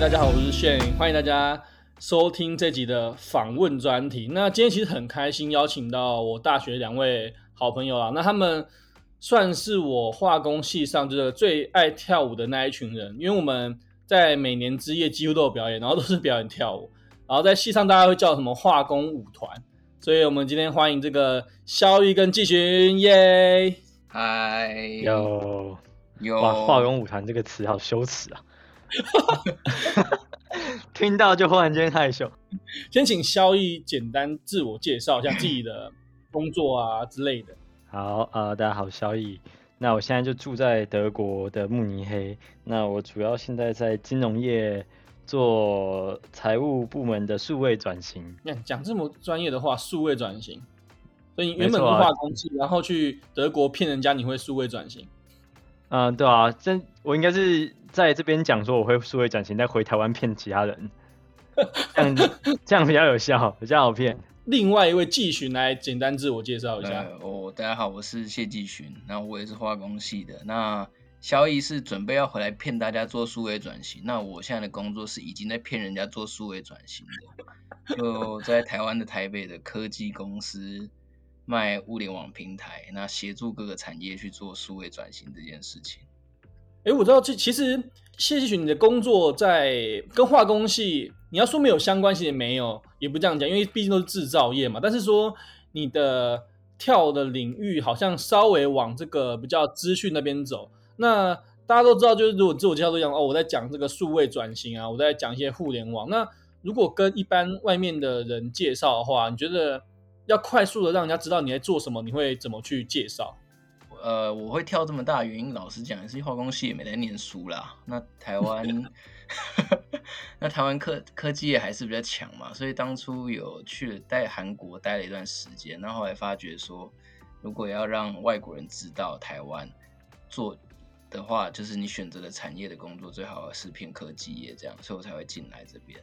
大家好，我是炫穎，歡迎大家收聽這集的訪問專題。那今天其實很開心，邀請到我大學兩位好朋友啊，那他們算是我化工系上這個最愛跳舞的那一群人，因為我們在每年之夜幾乎都有表演，然後都是表演跳舞，然後在系上大家會叫什麼化工舞團，所以我們今天歡迎這個肖玉跟季群，耶，嗨，有有，化工舞團這個詞好羞恥啊。哈， 聽到就忽然間害羞。先請蕭毅簡單自我介紹一下自己的工作啊，之類的。好啊、呃，大家好，蕭毅。那我現在就住在德國的慕尼黑。那我主要現在在金融業做財務部門的數位轉型。你看，講這麼專業的話，數位轉型，所以你原本會畫工具，啊、然後去德國騙人家，你會數位轉型。嗯，對啊，真，我應該是在這邊講說我會數位轉型，再回台灣騙其他人，這樣 這樣比較有效，比較好騙。另外一位季巡來簡單自我介紹一下。哦，大家好，我是謝季巡，那我也是化工系的。那蕭逸是準備要回來騙大家做數位轉型，那我現在的工作是已經在騙人家做數位轉型的，就在台灣的台北的科技公司，賣物聯網平台，那協助各個產業去做數位轉型這件事情。哎、欸，我知道這其實謝繼群，你的工作在跟化工系，你要說沒有相關性也沒有，也不這樣講，因為畢竟都是製造業嘛。但是說你的跳的領域好像稍微往這個比較資訊那邊走。那大家都知道，就是如果自我介紹都講，哦，我在講這個數位轉型啊，我在講一些互聯網。那如果跟一般外面的人介紹的話，你覺得？要快速的讓人家知道你在做什麼，你會怎麼去介紹？呃，我會跳這麼大的原因，老實講也是化工系也沒在念書啦。那台灣， 那台灣科科技業還是比較強嘛，所以當初有去在韓國待了一段時間，然後後來發覺說，如果要讓外國人知道台灣做的話，就是你選擇的產業的工作，最好是偏科技業這樣，所以我才會進來這邊。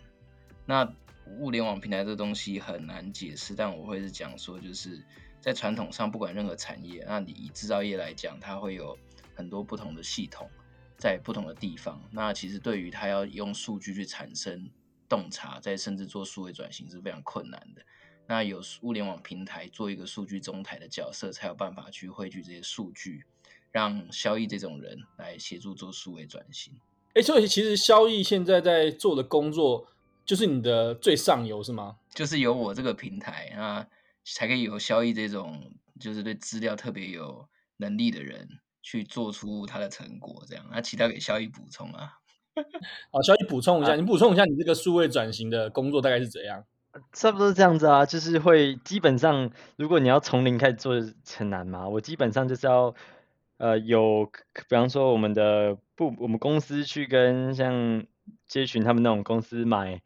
那。物聯網平台這東西很難解釋，但我會是講說，就是在傳統上，不管任何產業，那你以製造業來講，它會有很多不同的系統在不同的地方。那其實對於它要用數據去產生洞察，再甚至做數位轉型是非常困難的。那有物聯網平台做一個數據中台的角色，才有辦法去匯聚這些數據，讓蕭毅這種人來協助做數位轉型。哎、欸，所以其實蕭毅現在在做的工作，就是你的最上游是嗎？就是有我這個平台啊，才可以有蕭逸這種就是對資料特別有能力的人去做出他的成果，這樣。那其他給蕭逸補充啊。 好，蕭逸補充一下，啊、你補充一下你這個數位轉型的工作大概是怎樣？差不多這樣子啊，就是會基本上，如果你要從零開始做很難嘛，我基本上就是要呃有，比方說我們的部，我們公司去跟像，諮詢他們那種公司買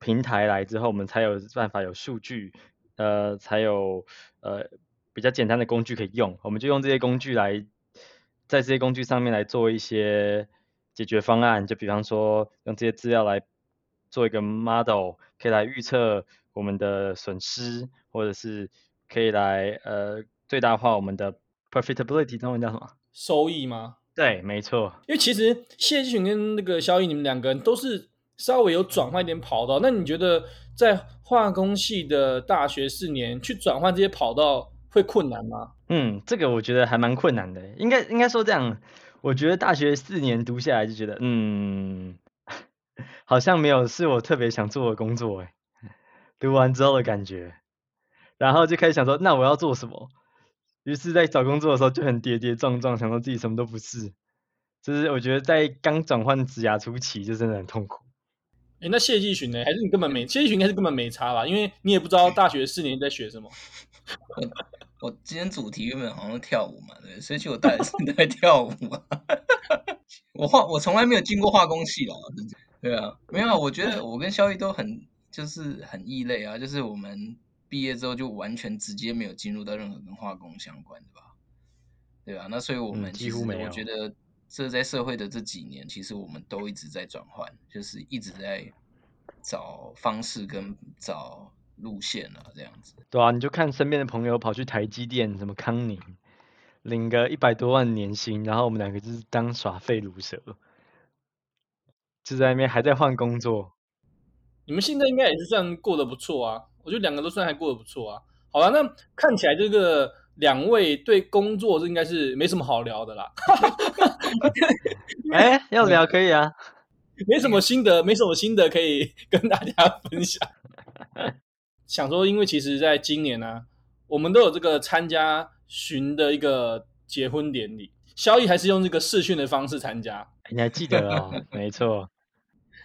平台來之後，我們才有辦法有數據，呃，才有呃比較簡單的工具可以用。我們就用這些工具來，在這些工具上面來做一些解決方案。就比方說，用這些資料來做一個 model，可以來預測我們的損失，或者是可以來呃最大化我們的 profitability，中文叫什麼？收益嗎？對，沒錯。因為其實謝志群跟那個蕭逸，你們兩個人都是稍微有轉換一點跑道。那你覺得在化工系的大學四年，去轉換這些跑道會困難嗎？嗯，這個我覺得還蠻困難的。應該應該說這樣，我覺得大學四年讀下來就覺得，嗯，好像沒有是我特別想做的工作哎。讀完之後的感覺，然後就開始想說，那我要做什麼？於是，在找工作的時候就很跌跌撞撞，想到自己什麼都不是。就是我覺得在剛轉換職涯初期就真的很痛苦。哎、欸，那謝繼勻呢？還是你根本沒？嗯、謝繼勻應該是根本沒差吧？因為你也不知道大學四年在學什麼。我，我今天主題原本好像跳舞嘛，對對，所以去我帶着是在跳舞啊。 我化我從來沒有進過化工系哦、啊。對啊，沒有、啊。我覺得我跟肖毅都很就是很異類啊，就是我們。畢業之後，就完全直接沒有進入到任何跟化工相關的吧，對啊，那所以我們其實我幾，嗯，幾乎沒有。我覺得這在社會的這幾年，其實我們都一直在轉換，就是一直在找方式跟找路線啊，這樣子。對啊，你就看身邊的朋友跑去台積電、什麼康寧，領個一百多萬年薪，然後我們兩個就是當耍廢魯蛇，就在外面還在換工作。你們現在應該也是算過得不錯啊。我覺得兩個都算還過得不錯啊。好了，那看起來這個兩位對工作是應該是沒什麼好聊的啦。哎， 要聊可以啊，沒什麼心得，沒什麼心得可以跟大家分享。 想說，因為其實在今年呢、啊，我們都有這個參加巡的一個結婚典禮，蕭逸還是用這個視訊的方式參加。你還記得哦？ 沒錯。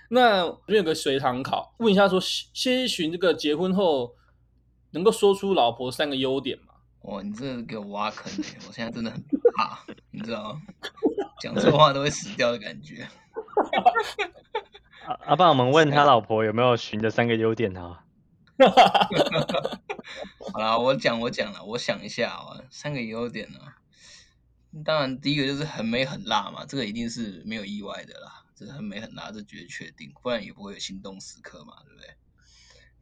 那另一個隨堂考，問一下說，先一尋這個結婚後能夠說出老婆三個優點嗎？哇，你這個給我挖坑、欸！我現在真的很怕， 你知道嗎？講錯話都會死掉的感覺 、啊。阿爸，我們問他老婆有沒有尋的三個優點啊？ 好了，我講我講了，我想一下啊，三個優點啊。當然，第一個就是很美很辣嘛，這個一定是沒有意外的啦，這、就是很美很辣，這是絕對確定，不然也不會有心動時刻嘛，對不對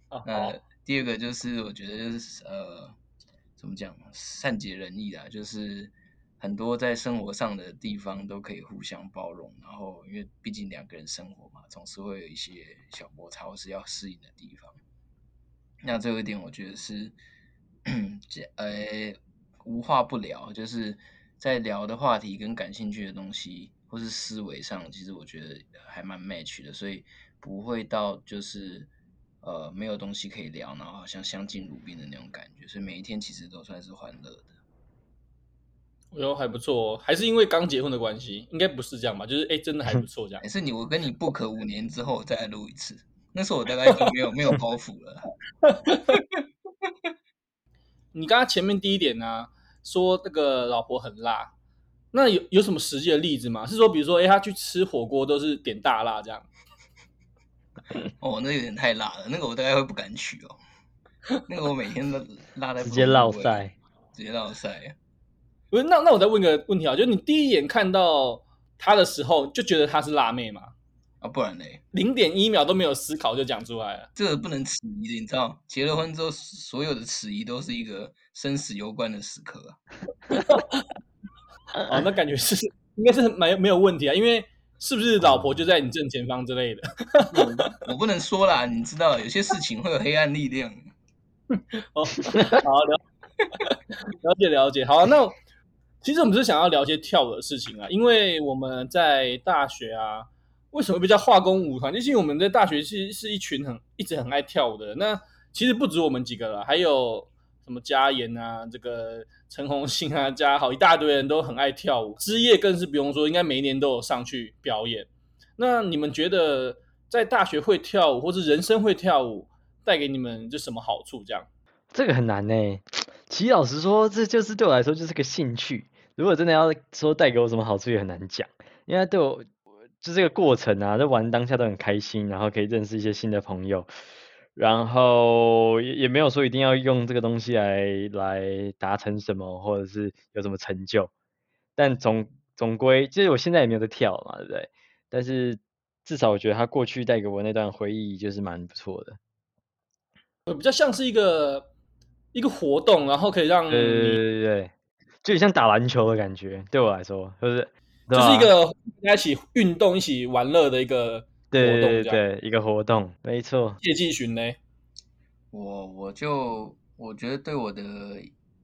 ？Oh, 那、oh. 第二個就是我覺得、就是、呃，怎麼講，善解人意啦，就是很多在生活上的地方都可以互相包容，然後因為畢竟兩個人生活嘛，總是會有一些小摩擦或是要適應的地方。那最後一點，我覺得是，呃、 欸，無話不聊，就是。在聊的話題跟感興趣的東西，或是思維上，其實我覺得還蠻 match 的，所以不會到就是呃沒有東西可以聊，然後好像相敬如賓的那種感覺，所以每一天其實都算是歡樂的。喲，還不錯哦，還是因為剛結婚的關係，應該不是這樣吧？就是哎，真的還不錯，這樣也是你，我跟你 book 五年之後再錄一次，那時候我大概已經沒有 沒有包袱了。 你剛剛前面第一點呢、啊？說那個老婆很辣，那有有什麼實際的例子嗎？是說比如說，哎，他去吃火鍋都是點大辣這樣？哦，那有點太辣了，那個我大概會不敢娶哦。那個我每天都辣在不直接暴曬，直接暴曬。不是那那我再問個問題啊，就是你第一眼看到他的時候就覺得她是辣妹嗎啊，不然嘞，零點一秒都沒有思考就講出來了，這個不能遲疑的，你知道，結了婚之後所有的遲疑都是一個。生死攸關的時刻啊、 哦！那感覺是應該是蠻沒有問題啊，因為是不是老婆就在你正前方之類的？ 我，我不能說啦，你知道，有些事情會有黑暗力量。 哦、好、啊，了解了解。好、啊，那其實我們是想要聊一些跳舞的事情啊，因為我們在大學啊，為什麼被叫化工舞團？就是我們在大學是是一群很一直很愛跳舞的。那其實不止我們幾個了，還有。什麼嘉言啊，這個陳紅信啊，加好一大堆人都很愛跳舞，枝葉更是不用說，應該每一年都有上去表演。那你們覺得在大學會跳舞，或者人生會跳舞，帶給你們就什麼好處？這樣？這個很難呢、欸。其實老實說，這就是對我來說就是個興趣。如果真的要說帶給我什麼好處，也很難講，因為對我就這個過程啊，就玩當下都很開心，然後可以認識一些新的朋友。然後也也沒有說一定要用這個東西來來達成什麼，或者是有什麼成就，但總總歸，其實我現在也沒有在跳嘛，對不對？但是至少我覺得他過去帶給我那段回憶就是蠻不錯的，就比較像是一個一個活動，然後可以讓對，對對對對，就很像打籃球的感覺，對我來說，就是，就是一個大家一起運動、一起玩樂的一個。活動對對對，一個活動，沒錯。JiShyun 呢？我我就我覺得對我的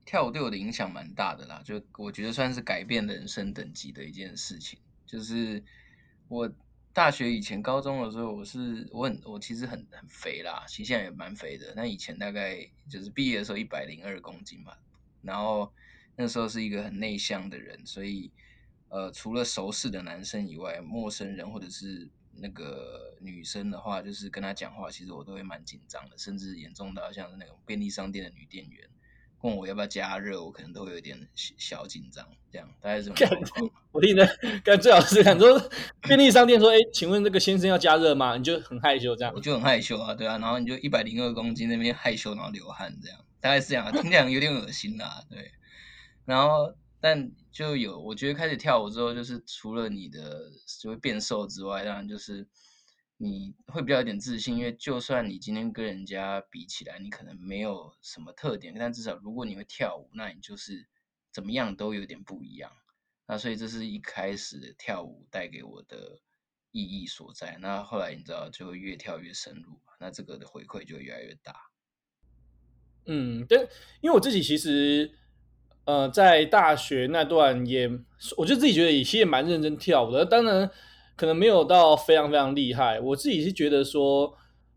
跳舞對我的影響蠻大的啦，就我覺得算是改變人生等級的一件事情。就是我大學以前高中的時候我，我是我很我其實很很肥啦，其實現在也蠻肥的。但以前大概就是畢業的時候一百零二公斤嘛，然後那時候是一個很內向的人，所以呃，除了熟識的男生以外，陌生人或者是。那個女生的話，就是跟她講話，其實我都會蠻緊張的，甚至嚴重到像是那種便利商店的女店員問我要不要加熱，我可能都會有點小緊張。這樣大概怎麼？我聽着，看最好是想說便利商店說，哎， 請問這個先生要加熱嗎？你就很害羞這樣，我就很害羞啊，對啊，然後你就一百零二公斤那邊害羞，然後流汗這樣，大概是這樣，聽起來有點噁心啦、啊， 對，然後。但就有，我覺得開始跳舞之後，就是除了你的就會變瘦之外，當然就是你會比較有點自信，因為就算你今天跟人家比起來，你可能沒有什麼特點，但至少如果你會跳舞，那你就是怎麼樣都有點不一樣。那所以這是一開始的跳舞帶給我的意義所在。那後來你知道，就越跳越深入，那這個的回饋就越來越大。嗯，對，因為我自己其實。呃，在大學那段也，我就自己覺得也其實也蠻認真跳舞的。當然，可能沒有到非常非常厲害。我自己是覺得說，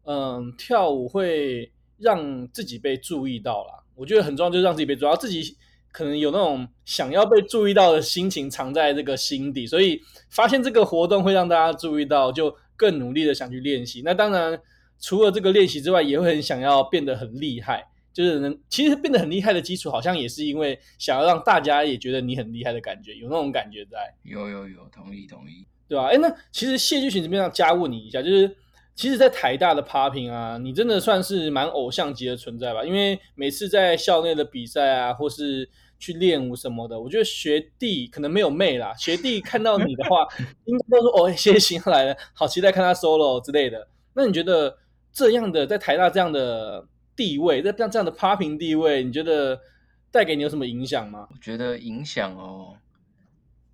嗯，跳舞會讓自己被注意到啦，我覺得很重要就是讓自己被注意到，自己可能有那種想要被注意到的心情藏在這個心底。所以發現這個活動會讓大家注意到，就更努力的想去練習。那當然，除了這個練習之外，也會很想要變得很厲害。就是能其實變得很厲害的基礎，好像也是因為想要讓大家也覺得你很厲害的感覺，有那種感覺在。有有有，同意同意，對吧？哎，那其實謝 JiShyun 這邊要加問你一下，就是其實，在台大的 Popping 啊，你真的算是蠻偶像級的存在吧？因為每次在校內的比賽啊，或是去練舞什麼的，我覺得學弟可能沒有妹啦，學弟看到你的話， 應該都說哦，欸、謝 JiShyun 來了，好期待看他 Solo 之類的。那你覺得這樣的在台大這樣的地位，這樣這樣的 Popping 地位，你覺得帶給你有什麼影響嗎？我覺得影響哦，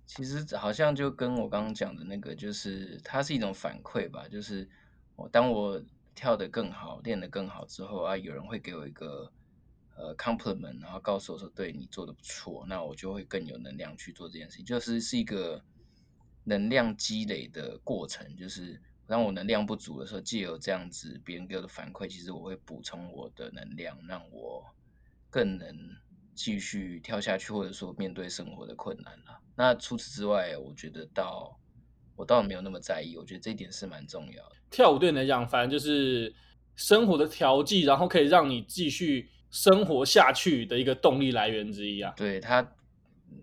其實好像就跟我剛剛講的那個，就是它是一種反饋吧。就是我、哦、當我跳得更好、練得更好之後啊，有人會給我一個呃 compliment，然後告訴我說：“對你做得不錯。”那我就會更有能量去做這件事情，就是是一個能量積累的過程，就是。當我能量不足的時候，藉由這樣子別人給我的反饋，其實我會補充我的能量，讓我更能繼續跳下去，或者說面對生活的困難了。那除此之外，我覺得到我倒沒有那麼在意，我覺得這一點是蠻重要的。跳舞對你來講，反正就是生活的調劑，然後可以讓你繼續生活下去的一個動力來源之一啊。對，他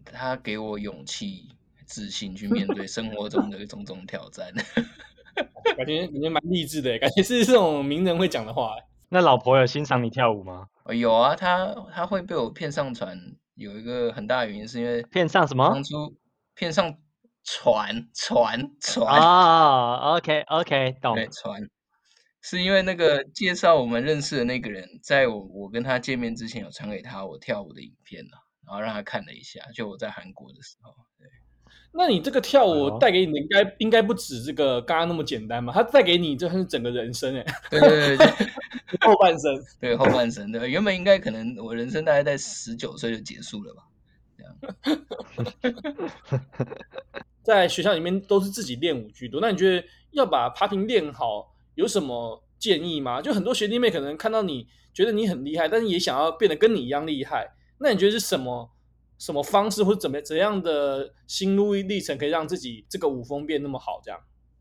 他給我勇氣、自信去面對生活中的一種種挑戰。 感覺感覺蠻勵志的，感覺是這種名人會講的話。那老婆有欣賞你跳舞嗎？有啊，她她會被我騙上船，有一個很大的原因是因為騙上什麼？當初騙上船船船啊。Oh，OK OK，懂。船是因為那個介紹我們認識的那個人，在我我跟他見面之前有傳給他我跳舞的影片了，然後讓他看了一下，就我在韓國的時候，對。那你這個跳舞帶給你的，應該、oh. 應該不止這個剛剛那麼簡單吧，它帶給你，這還是整個人生哎。對，對對對， 後半生。對後半生，對，原本應該可能我人生大概在十九歲就結束了吧。這樣。 在學校裡面都是自己練舞居多，那你覺得要把爬屏練好，有什麼建議嗎？就很多學弟妹可能看到你覺得你很厲害，但是也想要變得跟你一樣厲害，那你覺得是什麼？什麼方式或者怎麼怎樣的心路歷程可以讓自己這個舞風變那麼好？這樣，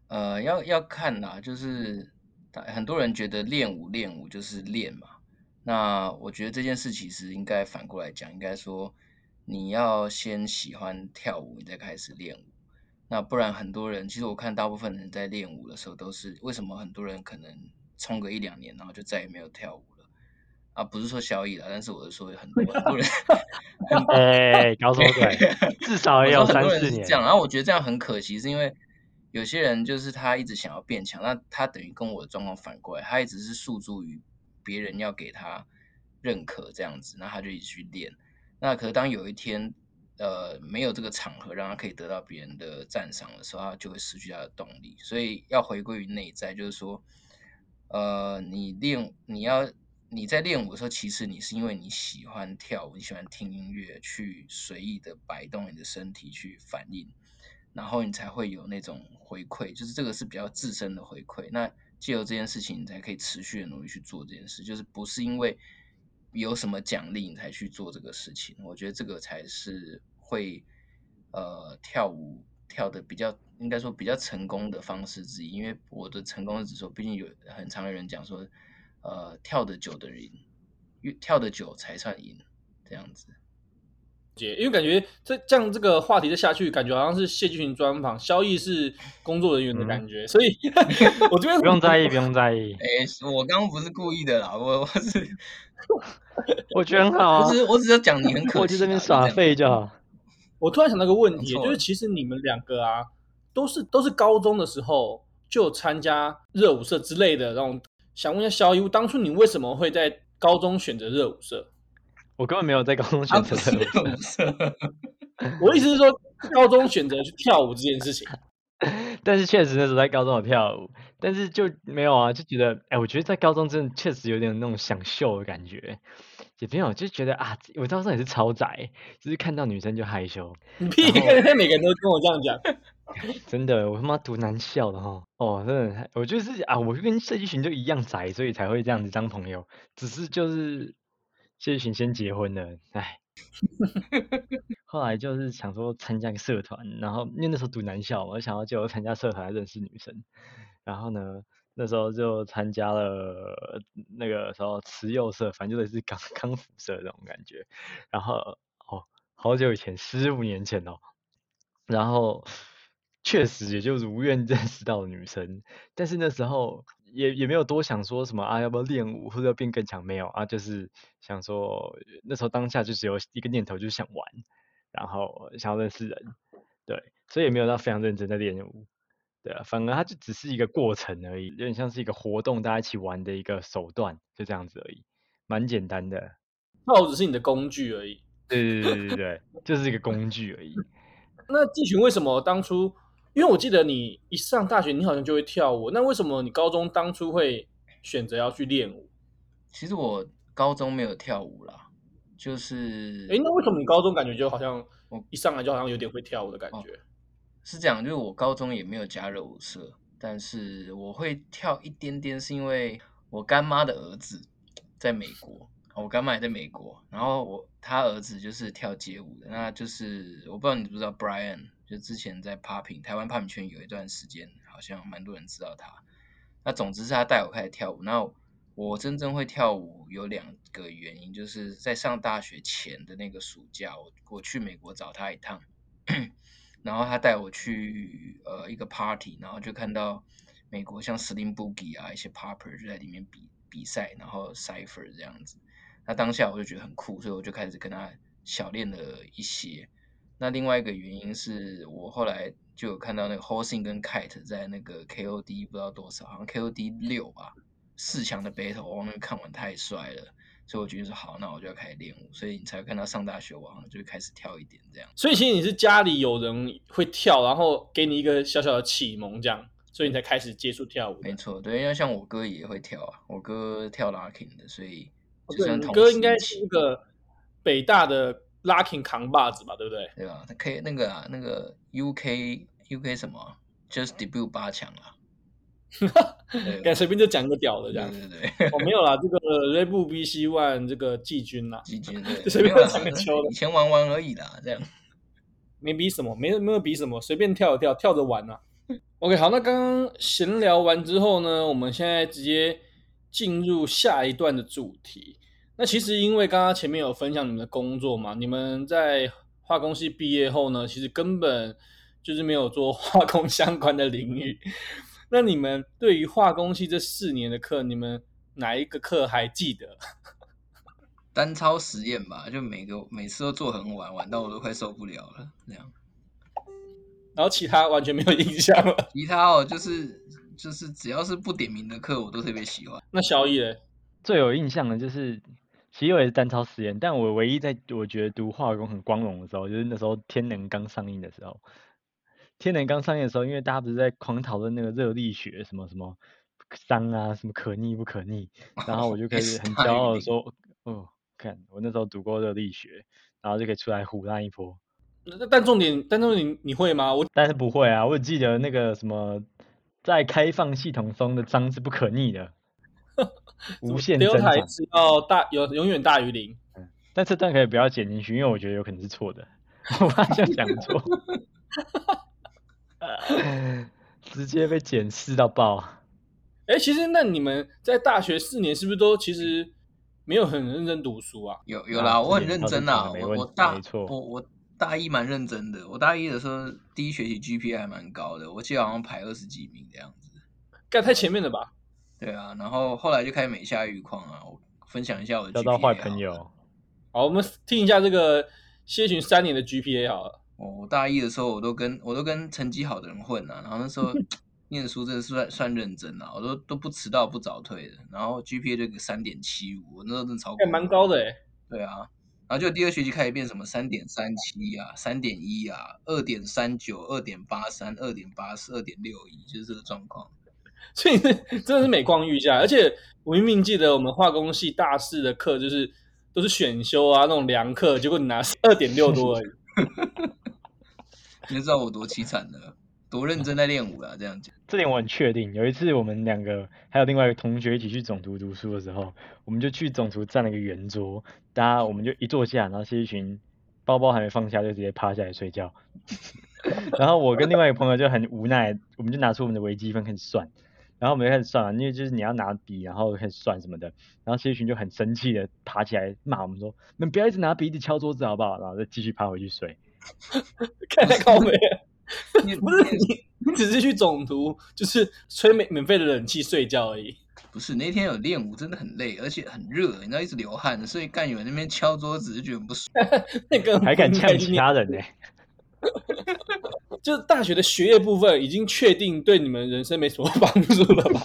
呃，要要看啦，就是很多人覺得練舞練舞就是練嘛。那我覺得這件事其實應該反過來講，應該說你要先喜歡跳舞，你再開始練舞。那不然很多人，其實我看大部分人在練舞的時候都是為什麼很多人可能衝個一兩年，然後就再也沒有跳舞。啊，不是說小 Yi 啦，但是我是說有很， 很多人，哎，高手對， 至少也有三四年。這樣，然後我覺得這樣很可惜，是因為有些人就是他一直想要變強，那他等於跟我的狀況反過來，他一直是訴諸於別人要給他認可這樣子，那他就一直去練。那可是當有一天呃沒有這個場合讓他可以得到別人的讚賞的時候，他就會失去他的動力。所以要回歸於內在，就是說，呃，你練，你要。你在練舞的時候，其實你是因為你喜歡跳舞，你喜歡聽音樂，去隨意的擺動你的身體去反應，然後你才會有那種回饋，就是這個是比較自身的回饋。那借由這件事情，你才可以持續的努力去做這件事，就是不是因為有什麼獎勵你才去做這個事情。我覺得這個才是會呃跳舞跳得比較，應該說比較成功的方式之一。因為我的成功指數，畢竟有很常的人講說。呃，跳的久的人，跳的久才算贏，這樣子。姐，因為感覺這這樣這個話題就下去，感覺好像是謝俊群專訪肖毅是工作人員的感覺，嗯、所以我這邊不用在意，不用在意。哎、欸，我剛剛不是故意的啦，我我是 我覺得很好，啊，只是我只要講你很可惜， 我就在這邊耍廢就好。 我突然想到一個問題，啊、就是其實你們兩個啊，都是都是高中的時候就參加熱舞社之類的那種。想問一下 Hsiao Yi，當初你為什麼會在高中選擇熱舞社？我根本沒有在高中選擇熱舞社。啊、舞社 我意思是說，高中選擇去跳舞這件事情。 但是確實那時候在高中有跳舞，但是就沒有啊，就覺得哎、欸，我覺得在高中真的確實有點那種想秀的感覺，也沒有，就覺得啊，我高中也是超宅，只、就是看到女生就害羞。你屁， 每個人都跟我這樣講。 真的，我他媽讀男校的哈，哦，真的，我就是啊，我就跟謝依群就一樣宅，所以才會這樣子當朋友。只是就是謝依群先結婚了，哎， 後來就是想說參加一個社團，然後因為那時候讀男校嘛，我想要就參加社團認識女生。然後呢，那時候就參加了那個時候慈幼社，反正就類似康康輔社這種感覺。然後哦，好久以前，十五年前哦、喔，然後。確實，也就是如願認識到女生，但是那時候也也沒有多想說什麼啊，要不要練舞或者要變更強，沒有啊，就是想說那時候當下就只有一個念頭，就是想玩，然後想要認識人，對，所以也沒有到非常認真在練舞，對啊，反而它就只是一個過程而已，有點像是一個活動，大家一起玩的一個手段，就這樣子而已，蠻簡單的。那我只是你的工具而已。對對對對對，就是一個工具而已。 那季群為什麼當初？因為我記得你一上大學，你好像就會跳舞。那為什麼你高中當初會選擇要去練舞？其實我高中沒有跳舞啦，就是……哎，那為什麼你高中感覺就好像我一上來就好像有點會跳舞的感覺？哦、是這樣，因為、就是我高中也沒有加入舞社，但是我會跳一點點，是因為我乾媽的兒子在美國，我乾媽也在美國，然後我他兒子就是跳街舞的，那就是我不知道你知不知道 Brian。就之前在 popping 台灣 popping 圈有一段時間，好像蠻多人知道他。那總之是他帶我開始跳舞。那我，我真正會跳舞有兩個原因，就是在上大學前的那個暑假，我我去美國找他一趟， 然後他帶我去呃一個 party，然後就看到美國像 Slim Boogie 啊一些 popper 就在裡面比比賽，然後 cypher 這樣子。那當下我就覺得很酷，所以我就開始跟他小練了一些。那另外一個原因是我後來就有看到那個 Hozin 跟 Kite 在那個 KOD 不知道多少，好像 KOD 六吧，四強的 battle，我忘了看完太帥了，所以我覺得說好，那我就要開始練舞，所以你才看到上大學我好像就開始跳一點這樣。所以其實你是家裡有人會跳，然後給你一個小小的啟蒙，這樣，所以你才開始接觸跳舞。沒錯，對，因為像我哥也會跳啊，我哥跳拉丁的，所以就同。對，你哥應該是一個北大的。Lucky 扛把子嘛，對不對？對啊，他 K 那個啊，那個 UK UK 什麼 Just debut 八強啊，敢 隨便就講個屌的這樣子，對不對，對？哦，沒有啦， 這個 Reeb BC One 這個季軍啦，季軍就隨便講個球的，以前玩玩而已啦。這樣沒比什麼，沒沒有比什麼，隨便跳一跳，跳着玩啦，啊。 OK，好，那剛剛閒聊完之後呢，我們現在直接進入下一段的主題。那其實因為剛剛前面有分享你們的工作嘛，你們在化工系畢業後呢，其實根本就是沒有做化工相關的領域。那你們對於化工系這四年的課，你們哪一個課還記得？單操實驗吧，就每個每次都做很晚，晚到我都快受不了了。這樣，然後其他完全沒有印象。了。其他哦，就是就是只要是不點名的課，我都特別喜歡。那小野最有印象的就是。其實我也是單操實驗，但我唯一在我覺得讀化工很光榮的時候，就是那時候《天能》剛上映的時候，《天能》剛上映的時候，因為大家不是在狂討論那個熱力學什麼什麼熵啊，什麼可逆不可逆，然後我就可以很驕傲的說：“ oh, 哦，看我那時候讀過熱力學，然後就可以出來唬那一波。”那但重點，但重點，你會嗎？我但是不會啊，我只記得那個什麼，在開放系統中的熵是不可逆的。無限增長，流台只要大有永遠大於零、嗯。但這段可以不要剪進去，因為我覺得有可能是錯的，我怕就講錯， 直接被檢視到爆。哎、欸，其實那你們在大學四年是不是都其實沒有很認真讀書啊？有有啦，我很認真啊，沒我我大錯，沒錯我我大一蠻認真的，我大一的時候第一學期 GPA 還蠻高的，我記得好像排二十幾名這樣子，該太前面了吧？對啊，然後後來就開始每下愈況啊。我分享一下我的 GPA 交到壞朋友，好，我們聽一下這個謝群三年的 GPA 好了。我大一的時候我都跟我都跟成績好的人混吶、啊，然後那時候 念書真的是算算認真啊，我都都不遲到不早退的，然後 GPA 就個三點七五，我那時候真超，還蠻高的哎。對啊，然後就第二學期開始變什麼三點三七啊、三點一啊、二點三九、二點八三、二點八四、二點六一，就是這個狀況。所以這真的是每況愈下，而且我明明記得我們化工系大四的課就是都是選修啊，那種涼課，結果你拿二點六多而已， 你知道我多淒慘了，多認真在練舞啊這樣子。這點我很確定。有一次我們兩個還有另外一個同學一起去總圖讀書的時候，我們就去總圖佔了一個圓桌，大家我們就一坐下，然後是一群包包還沒放下就直接趴下來睡覺， 然後我跟另外一個朋友就很無奈，我們就拿出我們的微積分開始算。然後沒開始算了，因為就是你要拿筆，然後開始算什麼的。然後謝群就很生氣的爬起來罵我們說：“你們不要一直拿鼻子敲桌子，好不好？”然後再繼續爬回去睡。看太高沒？你 不是你，你那只是去總圖就是吹免免費的冷氣睡覺而已。不是那天有練舞，真的很累，而且很熱，你知道一直流汗，所以干員那邊敲桌子就覺得不爽。那還敢嗆其他人呢、欸？ 就是大學的學業部分已經確定，對你們人生沒什麼幫助了吧？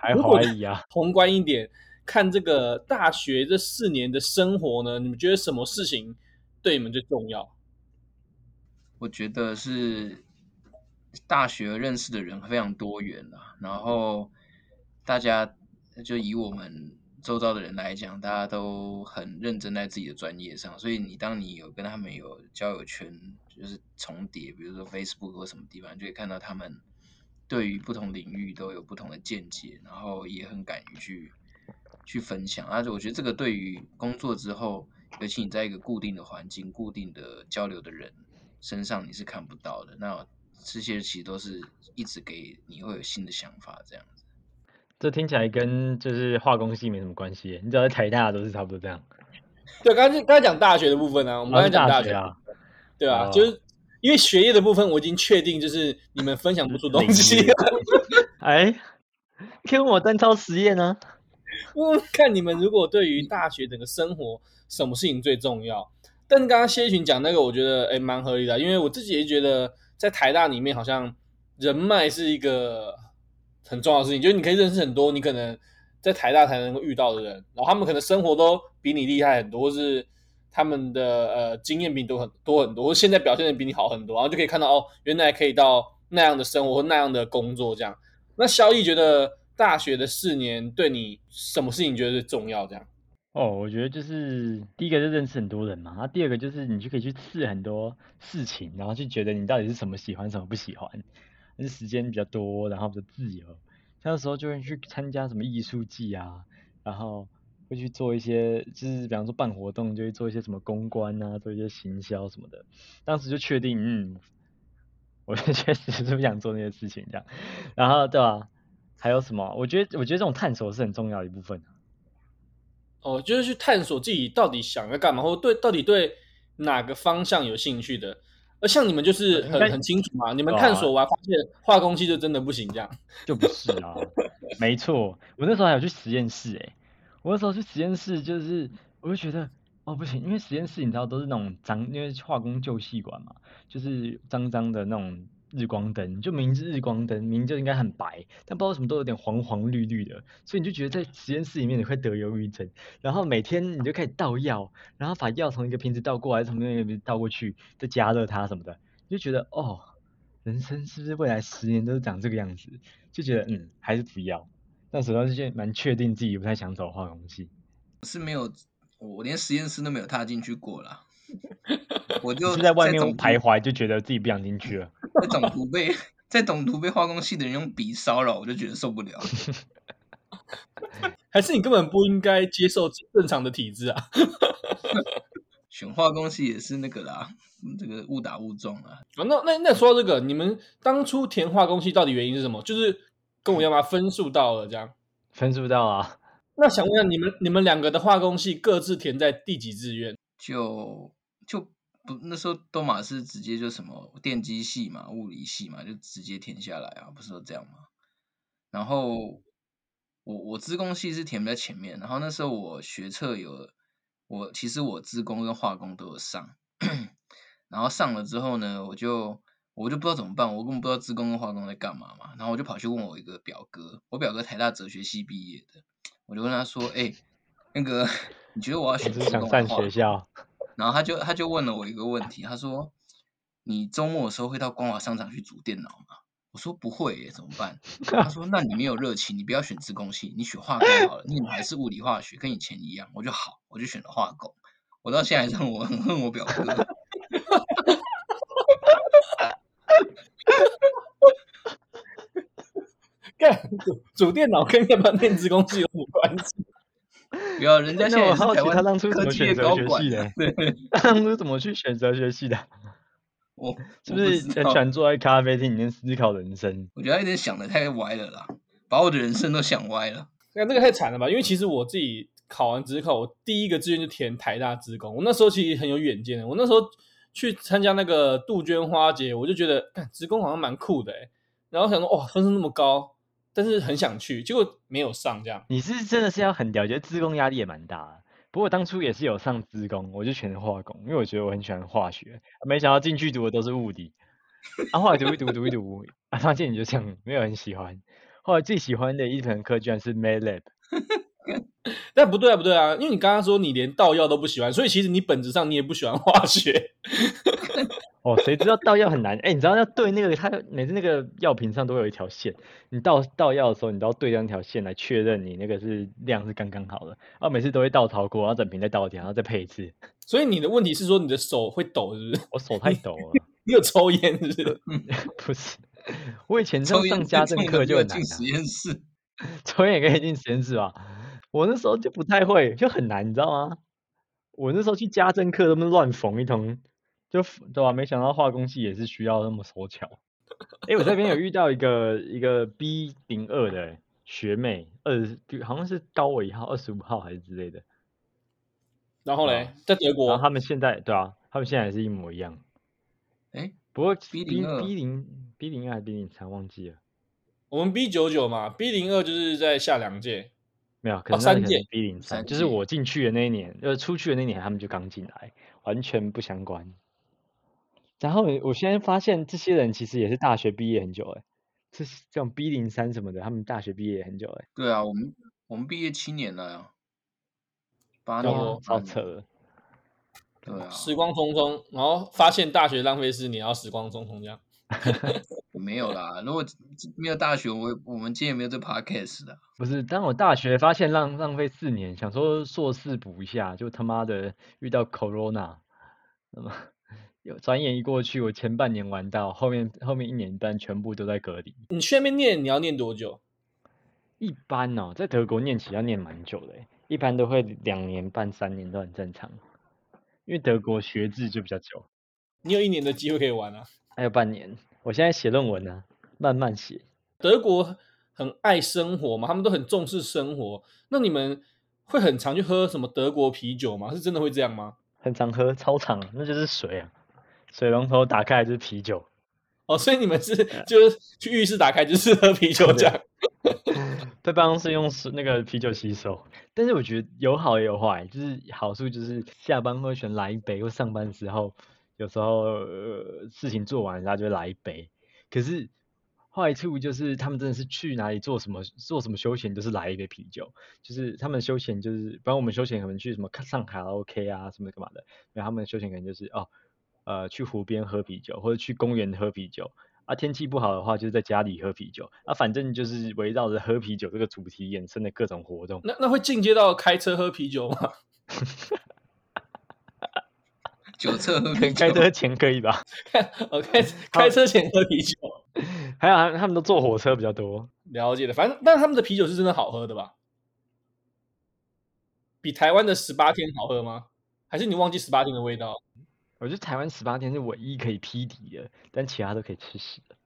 還懷疑啊？宏 觀一點看，這個大學這四年的生活呢，你們覺得什麼事情對你們最重要？我覺得是大學認識的人非常多元啊，然後大家就以我們。周遭的人來講，大家都很認真在自己的專業上，所以你當你有跟他們有交友圈，就是重疊，比如說 Facebook 或什麼地方，就可以看到他們對於不同領域都有不同的見解，然後也很敢於去去分享。而且我覺得這個對於工作之後，尤其你在一個固定的環境、固定的交流的人身上，你是看不到的。那這些其實都是一直給你會有新的想法，這樣。這聽起來跟就是化工系沒什麼關係。你只要在台大都是差不多這樣。對，剛剛剛講大學的部分呢、啊，我們剛剛講大學、哦、大學啊，對啊，哦、就是因為學業的部分我已經確定就是你們分享不出東西了了。哎，可我單操實驗呢？我 看你們如果對於大學整個生活，什麼事情最重要？ 但剛剛謝群講那個，我覺得哎、欸、蠻合理的，因為我自己也覺得在台大裡面好像人脈是一個。很重要的事情，就是你可以認識很多你可能在台大才能夠遇到的人，然後他們可能生活都比你厲害很多，或是他們的呃經驗比你多很多很多，現在表現的比你好很多，然後就可以看到哦，原來可以到那樣的生活或那樣的工作這樣。那蕭毅覺得大學的四年對你什麼事情覺得最重要？這樣哦，我覺得就是第一個是認識很多人嘛，然後第二個就是你就可以去試很多事情，然後就覺得你到底是什麼喜歡什麼不喜歡。時間比較多，然後比較自由，那時候就會去參加什麼藝術季啊，然後會去做一些，就是比方說辦活動，就會做一些什麼公關啊，做一些行銷什麼的。當時就確定，嗯，我確實是不想做那些事情，這樣。然後，對吧、啊？還有什麼？我覺得，我覺得這種探索是很重要的一部分、啊。哦，就是去探索自己到底想要幹嘛，或對到底對哪個方向有興趣的。像你們就是很但很清楚嘛、啊，你們探索完發現化工系就真的不行，這樣就不是啊， 沒錯，我那時候還有去實驗室、欸，哎，我那時候去實驗室就是，我就覺得哦不行，因為實驗室你知道都是那種髒，因為化工舊細管嘛，就是髒髒的那種。日光燈就明知日光燈，明就應該很白，但不知道什麼都有點黃黃綠綠的，所以你就覺得在實驗室裡面你會得憂鬱症，然後每天你就開始倒藥，然後把藥從一個瓶子倒過來，從那個倒過去，再加熱它什麼的，你就覺得哦，人生是不是未來十年都是長這個樣子？就覺得嗯，嗯還是不要。但主要現在蠻確定自己不太想走化工系，是沒有，我連實驗室都沒有踏進去過啦。 我就在外面徘徊，就覺得自己不想進去了。在了 總圖被在總圖被化工系的人用筆騷擾，我就覺得受不了。 還是你根本不應該接受正常的體制啊！ 選化工系也是那個啦，這個誤打誤撞啊，啊。反正那那，那說到這個，你們當初填化工系到底原因是什麼？就是跟我一樣嘛，分數到了這樣。分數到了。那想問一下你，你們你們兩個的化工系各自填在第幾志願？就就。不，那時候都嘛是直接就什麼電機系嘛、物理系嘛，就直接填下來啊，不是都這樣嗎？然後我我資工系是填在前面，然後那時候我學測有我，其實我資工跟化工都有上， 然後上了之後呢，我就我就不知道怎麼辦，我根本不知道資工跟化工在幹嘛嘛，然後我就跑去問我一個表哥，我表哥台大哲學系畢業的，我就跟他說，哎、欸，那個 你覺得我要選資工還是想上學校？然後他就他就問了我一個問題，他說：“你週末的時候會到光華商場去組電腦嗎？”我說：“不會耶，怎麼辦？”他說：“那你沒有熱情，你不要選資工系，你選化工好了，你還是物理化學，跟以前一樣。”我就好，我就選了化工。我到現在還讓我很，很恨我表哥。幹組 電腦跟幹把電子工具、哦。人家，那我好奇他當初怎麼選擇學系的？對，當初怎麼去選擇學系的？我是不是在全坐在咖啡廳裡面思考人生？我覺得有點想的太歪了啦，把我的人生都想歪了。對，那這個太慘了吧？因為其實我自己考完指考，我第一個志願就填台大資工。我那時候其實很有遠見的。我那時候去參加那個杜鵑花節，我就覺得，資工好像蠻酷的、欸。然後想到，哇，分數那麼高。但是很想去，結果沒有上這樣。你是，是真的是要很了解，資工壓力也蠻大。不過當初也是有上資工，我就選化工，因為我覺得我很喜歡化學。沒想到進去讀的都是物理，啊，後來讀一讀讀一讀，發現、 啊、你就這樣，沒有很喜歡。後來最喜歡的一門課，居然是 MATLAB。 但不對啊不對啊，因為你剛剛說你連道藥都不喜歡，所以其實你本質上你也不喜歡化學。 哦，誰知道倒藥很難？哎、欸，你知道要對那個，它每次那個藥瓶上都有一條線，你倒倒藥的時候，你都要對那條線來確認你那個是量是剛剛好的。然、啊、後每次都會倒超過，然後整瓶再倒掉，點，然後再配一次。所以你的問題是說你的手會抖是不是？我手太抖了。 你有抽菸是？不是， 不是。我以前上家政課就很難、啊。實驗室， 抽菸也可以進實驗室啊？我那時候就不太會，就很難，你知道嗎？我那時候去家政課他們亂縫一通。就對吧？沒想到化工系也是需要那麼手巧。哎，我這邊有遇到一個 一個 B 零二的學妹，二好像是高我一號二十五號還是之類的。然後嘞，哦、在德國，他們現在對啊，他們現在也是一模一樣。哎誒，不過 B 零 02? B 零 B 零二還是 B 零三忘記了。我們 B 九九嘛，B 零二就是在下兩屆，沒有，可能三屆 B 零三、哦，就是我進去的那一年，就是出去的那一年，他們就剛進來，完全不相關。然後我現在發現這些人其實也是大學畢業很久欸，這是這種 B 零三什麼的，他們大學畢業也很久欸。對啊，我們我們畢業七年了呀，八年了，好扯。對啊。時光匆匆，然後發現大學浪費四年，然後時光匆匆這樣。沒有啦，如果沒有大學，我我們今天也沒有這 podcast 的。不是，當我大學發現浪浪費四年，想說碩士補一下，就他媽的遇到 Corona，那麼。轉眼一過去，我前半年玩到後面，後面一年半全部都在隔離。你去外面念，你要念多久？一般哦，在德國念起要念蠻久的，一般都會兩年半、三年都很正常，因為德國學制就比較久。你有一年的機會可以玩啊，還有半年。我現在寫論文呢、啊，慢慢寫。德國很愛生活嘛，他們都很重視生活。那你們會很常去喝什麼德國啤酒嗎？是真的會這樣嗎？很常喝，超常，那就是水啊。水龍頭打開來就是啤酒。哦，所以你們是就是去浴室打開就是喝啤酒這樣，在辦公室用那個啤酒洗手，但是我覺得有好也有壞，就是好處就是下班會選來一杯，或上班的時候有時候呃事情做完然後就來一杯，可是壞處就是他們真的是去哪裡做什麼做什麼休閒就是來一杯啤酒，就是他們休閒就是，不然我們休閒可能去什麼唱卡拉 OK 啊什麼幹嘛的，然後他們休閒可能就是哦。呃，去湖邊喝啤酒，或者去公園喝啤酒。啊，天氣不好的話，就在家裡喝啤酒。啊，反正就是圍繞着喝啤酒這個主題衍生的各種活動。那那會進階到開車喝啤酒嗎？ 酒車喝啤酒。開車前可以吧？ 哦、開開開車前喝啤酒。 還有，他們都坐火車比較多，了解的。反正，但他們的啤酒是真的好喝的吧？比台灣的十八天好喝嗎？還是你忘記十八天的味道？我覺得台灣十八天是唯一可以批敵的，但其他都可以吃屎的。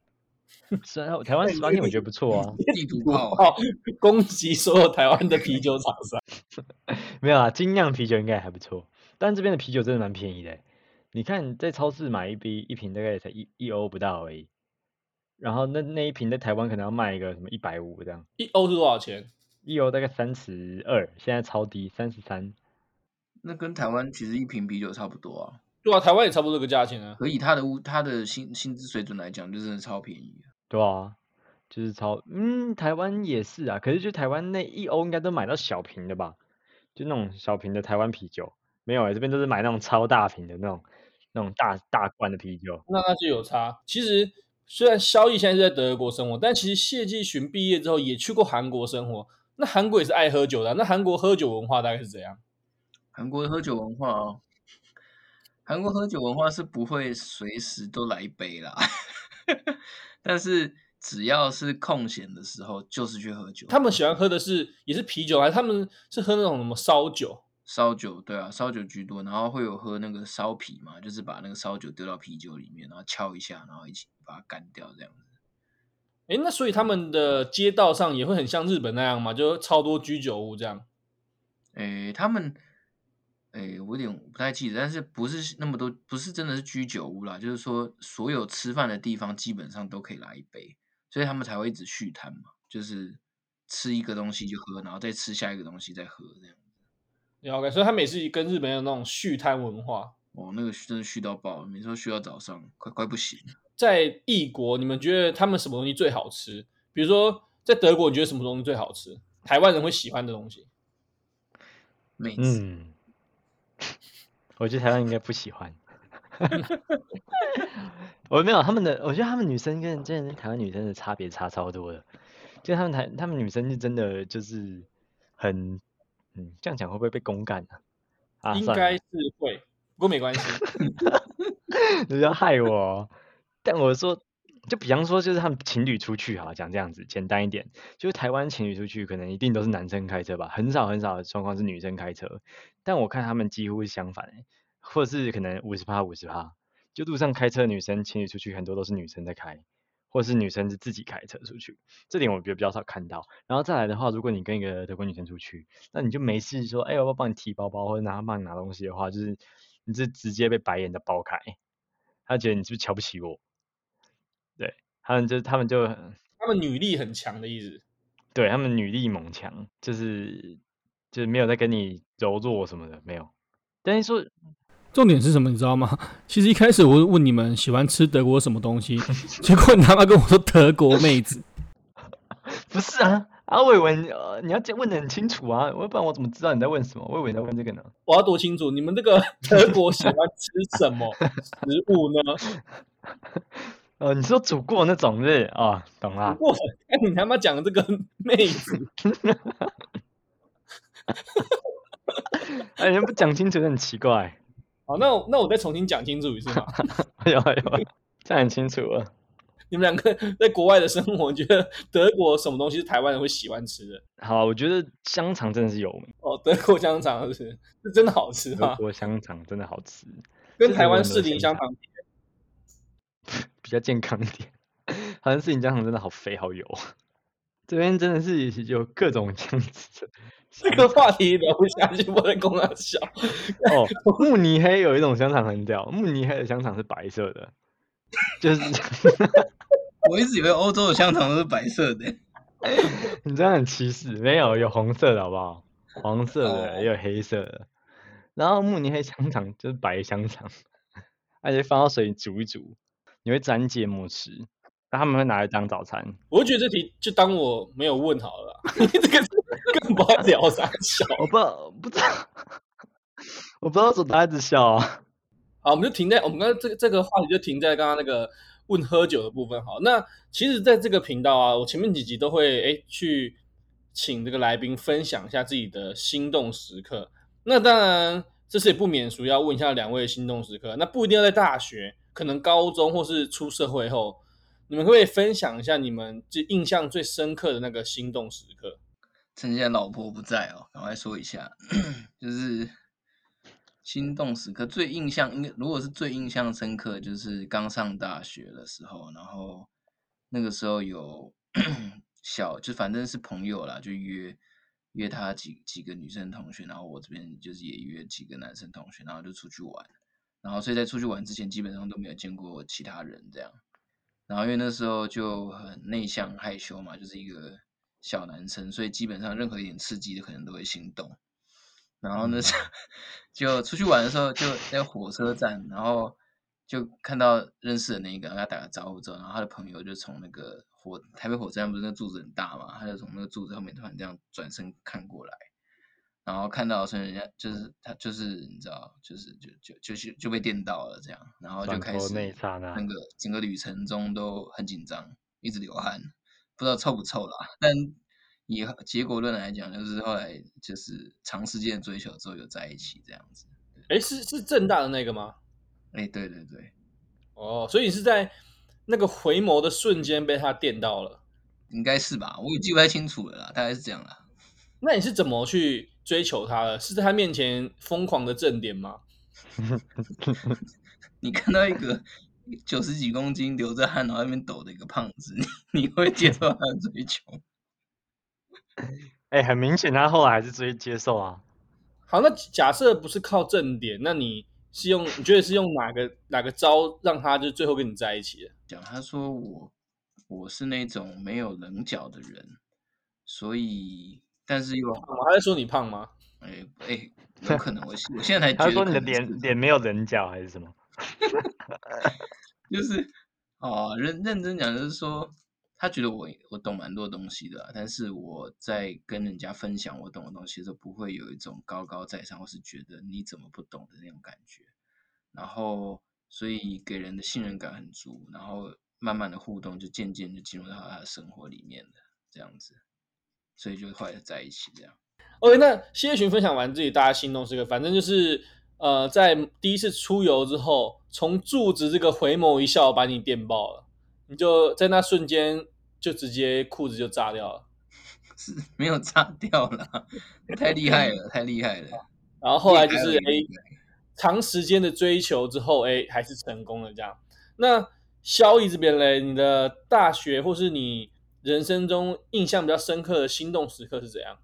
雖然台灣十八天我覺得不錯啊，地圖炮， 攻擊所有台灣的啤酒廠商。 沒有啊，精釀啤酒應該還不錯，但這邊的啤酒真的蠻便宜的，欸。你看，在超市買一瓶，一瓶大概也才一一歐不到而已。然後那那一瓶在台灣可能要賣一個什麼一百五這樣。一歐是多少錢？一歐大概三十二，現在超低，三十三。那跟台灣其實一瓶啤酒差不多啊。對啊，台灣也差不多這個價錢啊。所以他的物他的薪薪資水準來講，就真的超便宜啊。對啊，就是超嗯，台灣也是啊。可是就台灣那一歐應該都買到小瓶的吧？就那種小瓶的台灣啤酒沒有哎、欸，這邊都是買那種超大瓶的那種那種大大，大罐的啤酒。那那就有差。其實雖然蕭毅現在是在德國生活，但其實謝繼尋畢業之後也去過韓國生活。那韓國也是愛喝酒的、啊。那韓國喝酒文化大概是怎樣？韓國的喝酒文化啊、哦。韓國喝酒文化是不會隨時都來一杯啦， 但是只要是空閒的時候就是去喝酒。他們喜歡喝的是也是啤酒，還是他們是喝那種什麼燒酒？燒酒對啊，燒酒居多，然後會有喝那個燒啤嘛，就是把那個燒酒丟到啤酒裡面，然後敲一下，然後一起把它幹掉這樣子。欸，那所以他們的街道上也會很像日本那樣嘛，就超多居酒屋這樣。欸，他們。哎、欸，我有點不太記得，但是不是那麼多，不是真的是居酒屋啦，就是說所有吃飯的地方基本上都可以來一杯，所以他們才會一直續攤嘛，就是吃一個東西就喝，然後再吃下一個東西再喝這樣。OK，所以他每次跟日本有那種續攤文化，哦，那個真的續到爆，每次都續到早上，快快不行。在異國，你們覺得他們什麼東西最好吃？比如說在德國，你覺得什麼東西最好吃？台灣人會喜歡的東西？每嗯。我覺得台灣應該不喜歡。 我沒有他們的，我覺得他們女生跟台灣女生的差別差超多的，就他們台他們女生是真的就是很，嗯，這樣講會不會被公幹呢？啊、應該是會，不過沒關係。 你不要害我？但我說。就比方說，就是他們情侶出去哈，講這樣子簡單一點，就是台灣情侶出去可能一定都是男生開車吧，很少很少的狀況是女生開車。但我看他們幾乎是相反，欸，或者是可能五十趴五十趴，就路上開車女生情侶出去很多都是女生在開，或是女生是自己開車出去，這點我覺得比較少看到。然後再來的話，如果你跟一個德國女生出去，那你就沒事說，哎，欸，我要幫你提包包或者拿幫你拿東西的話，就是你就直接被白眼的爆開，他覺得你是不是瞧不起我？他們就是，他們就，他們就很，他們女力很強的意思。對，他們女力猛強，就是就是沒有在跟你柔弱什麼的，沒有。但是說重點是什麼，你知道嗎？其實一開始我問你們喜歡吃德國什麼東西， 結果你他媽跟我說德國妹子。 不是啊，啊，我以為，你要問的很清楚啊，我不然我怎麼知道你在問什麼？我以為你在問這個呢？我要多清楚，你們這個德國喜歡吃什麼食物呢？ 哦，你說煮過那種是，是哦，懂啦。哇，哎、欸，你他媽講這個妹子，哎、 欸，你們不講清楚很奇怪。好，那我那我再重新講清楚一次呦，哎呦， 講很清楚了。 你們兩個在國外的生活，覺得德國什麼東西是台灣人會喜歡吃的？好、啊，我覺得香腸真的是有名哦，德國香腸是，是，真的好吃嗎？德國香腸真的好吃，跟台灣士林香腸。比較健康一點，好像是你香腸真的好肥好油，這邊真的是有各種這樣子的。這個話題聊不下去，不能供他笑。哦，慕尼黑有一種香腸很屌，慕尼黑的香腸是白色的，就是。我一直以為歐洲的香腸都是白色的， 你這樣很歧視。沒有，有紅色的好不好？黃色的，也有黑色的。哦、然後慕尼黑香腸就是白香腸，而且放到水裡煮一煮。你會沾芥末吃，那他們會拿來當早餐。我覺得這題就當我沒有問好了。你 這個更不要聊三小。子笑我不，不，不知道，我不知道怎麼不愛子笑啊。好，我們就停在我們剛剛這個這個話題就停在剛剛那個問喝酒的部分。好，那其實，在這個頻道啊，我前面幾集都會哎去請這個來賓分享一下自己的心動時刻。那當然，這次也不免俗，要問一下兩位心動時刻。那不一定要在大學。可能高中或是出社會後，你們可不可以分享一下你們就印象最深刻的那個心動時刻？趁現在老婆不在哦，趕快說一下， 就是心動時刻最印象，如果是最印象深刻，就是剛上大學的時候，然後那個時候有小就反正是朋友啦，就約約他幾幾個女生同學，然後我這邊就是也約幾個男生同學，然後就出去玩。然後，所以在出去玩之前，基本上都沒有見過其他人這樣。然後，因為那時候就很內向害羞嘛，就是一個小男生，所以基本上任何一點刺激的可能都會心動。然後那時候就出去玩的時候，就在火車站，然後就看到認識的那個，跟他打個招呼之後，然後他的朋友就從那個火，台北火車站不是那柱子很大嘛，他就從那個柱子後面突然這樣轉身看過來。然後看到，所以人家就是他，就是你知道，就是就就就是就，就被電到了這樣，然後就開始。那個整個旅程中都很緊張，一直流汗，不知道臭不臭啦。但以結果論來講，就是後來就是長時間追求之後有在一起這樣子。哎，是是政大的那個嗎？哎，對對對。哦，所以是在那個回眸的瞬間被他電到了，應該是吧？我記不太清楚了啦，大概是這樣啦。那你是怎麼去？追求他了，是在他面前瘋狂的正點嗎？ 你看到一個九十幾公斤流著汗然後在那邊抖的一個胖子，你你會接受他的追求？哎、 欸，很明顯，他後來還是追接受啊。好，那假設不是靠正點，那你是用你覺得是用哪個哪個招讓他就最後跟你在一起的？講，他說我我是那種沒有稜角的人，所以。但是又……我還是說你胖嗎？哎哎、欸欸，有可能我……我現在才覺得 你的臉臉沒有稜角還是什麼？ 就是啊、哦，認認真講就是說，他覺得我我懂蠻多東西的、啊，但是我在跟人家分享我懂的東西的時候，不會有一種高高在上或是覺得你怎麼不懂的那種感覺。然後，所以給人的信任感很足，然後慢慢的互動就漸漸就進入到他的生活裡面了，這樣子。所以就快樂在一起這樣。OK，那謝謝群分享完自己，大家心動是個，反正就是呃，在第一次出遊之後，從柱子這個回眸一笑把你電爆了，你就在那瞬間就直接褲子就炸掉了， 是沒有炸掉了，太厲害， 害了，太厲害了。然後後來就是欸，、欸、長時間的追求之後，哎、欸，還是成功了這樣。那蕭逸這邊嘞，你的大學或是你。人生中印象比較深刻的心動時刻是怎樣？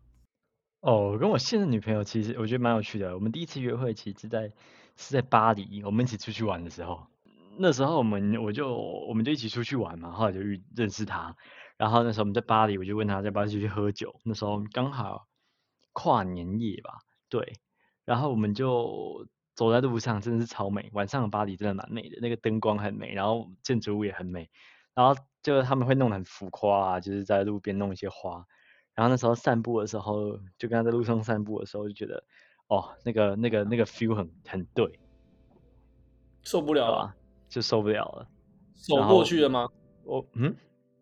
哦，oh, 跟我現任女朋友其實我覺得蠻有趣的。我們第一次約會其實是在是在巴黎，我們一起出去玩的時候。那時候我們我就我們就一起出去玩嘛，後來就遇認識她。然後那時候我們在巴黎，我就問她在巴黎去喝酒。那時候剛好跨年夜吧，對。然後我們就走在路上，真的是超美。晚上的巴黎真的蠻美的，那個燈光很美，然後建築物也很美，然後。就是他們會弄得很浮誇啊，就是在路邊弄一些花，然後那時候散步的時候，就跟他在路上散步的時候，就覺得，哦，那個那個那個 feel 很很對，受不了了，就受不了了。手過去了嗎？我嗯，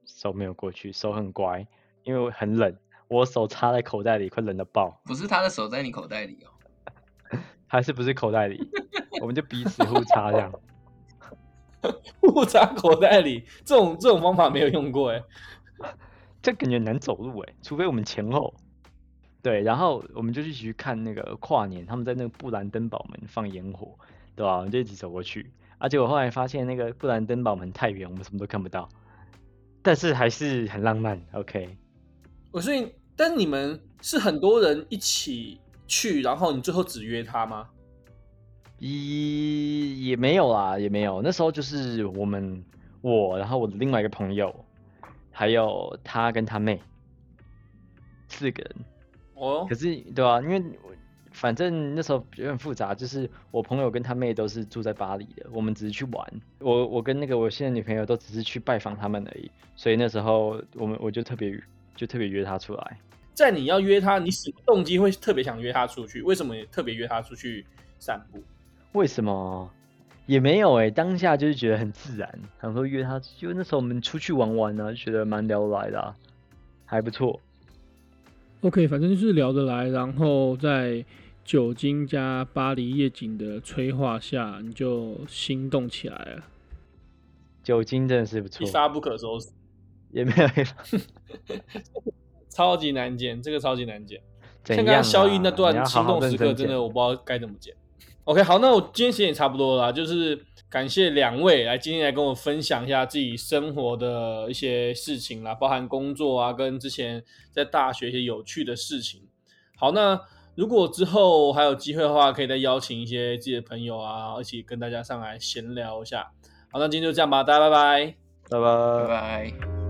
手沒有過去，手很乖，因為我很冷，我手插在口袋裡，快冷的爆。不是他的手在你口袋裡哦， 還是不是口袋裡？ 我們就彼此互插這樣。 不插 口袋裡，這種這種方法沒有用過哎， 這感覺很難走路哎，除非我們前後對，然後我們就一起去看那個跨年，他們在那個布蘭登堡門放煙火，對吧、啊？我們就一起走過去，而且我後來發現那個布蘭登堡門太遠，我們什麼都看不到，但是還是很浪漫。OK，我所以，但你們是很多人一起去，然後你最後只約他嗎？也也沒有啦，也沒有。那時候就是我們我，然後我的另外一個朋友，還有他跟他妹，四個人。哦。Oh. 可是對啊，因為我反正那時候比較複雜，就是我朋友跟他妹都是住在巴黎的，我們只是去玩。我我跟那個我現在女朋友都只是去拜訪他們而已。所以那時候我們我就特別就特別約他出來。在你要約他，你什麼動機會特別想約他出去？為什麼也特別約他出去散步？為什麼？也沒有誒、欸，當下就是覺得很自然，想說約他，就那時候我們出去玩玩啊，覺得蠻聊得來的、啊，還不錯。OK，反正就是聊得來，然後在酒精加巴黎夜景的催化下，你就心動起來了。酒精真的是不錯，一發不可收拾，也沒有， 超級難剪，這個超級難剪，像剛剛蕭逸那段心動時刻，真的我不知道該怎麼剪。OK，好，那我今天時間也差不多了，就是感謝兩位來今天來跟我分享一下自己生活的一些事情啦，包含工作啊，跟之前在大學一些有趣的事情。好，那如果之後還有機會的話，可以再邀請一些自己的朋友啊，一起跟大家上來閒聊一下。好，那今天就這樣吧，大家拜拜，拜拜，拜拜。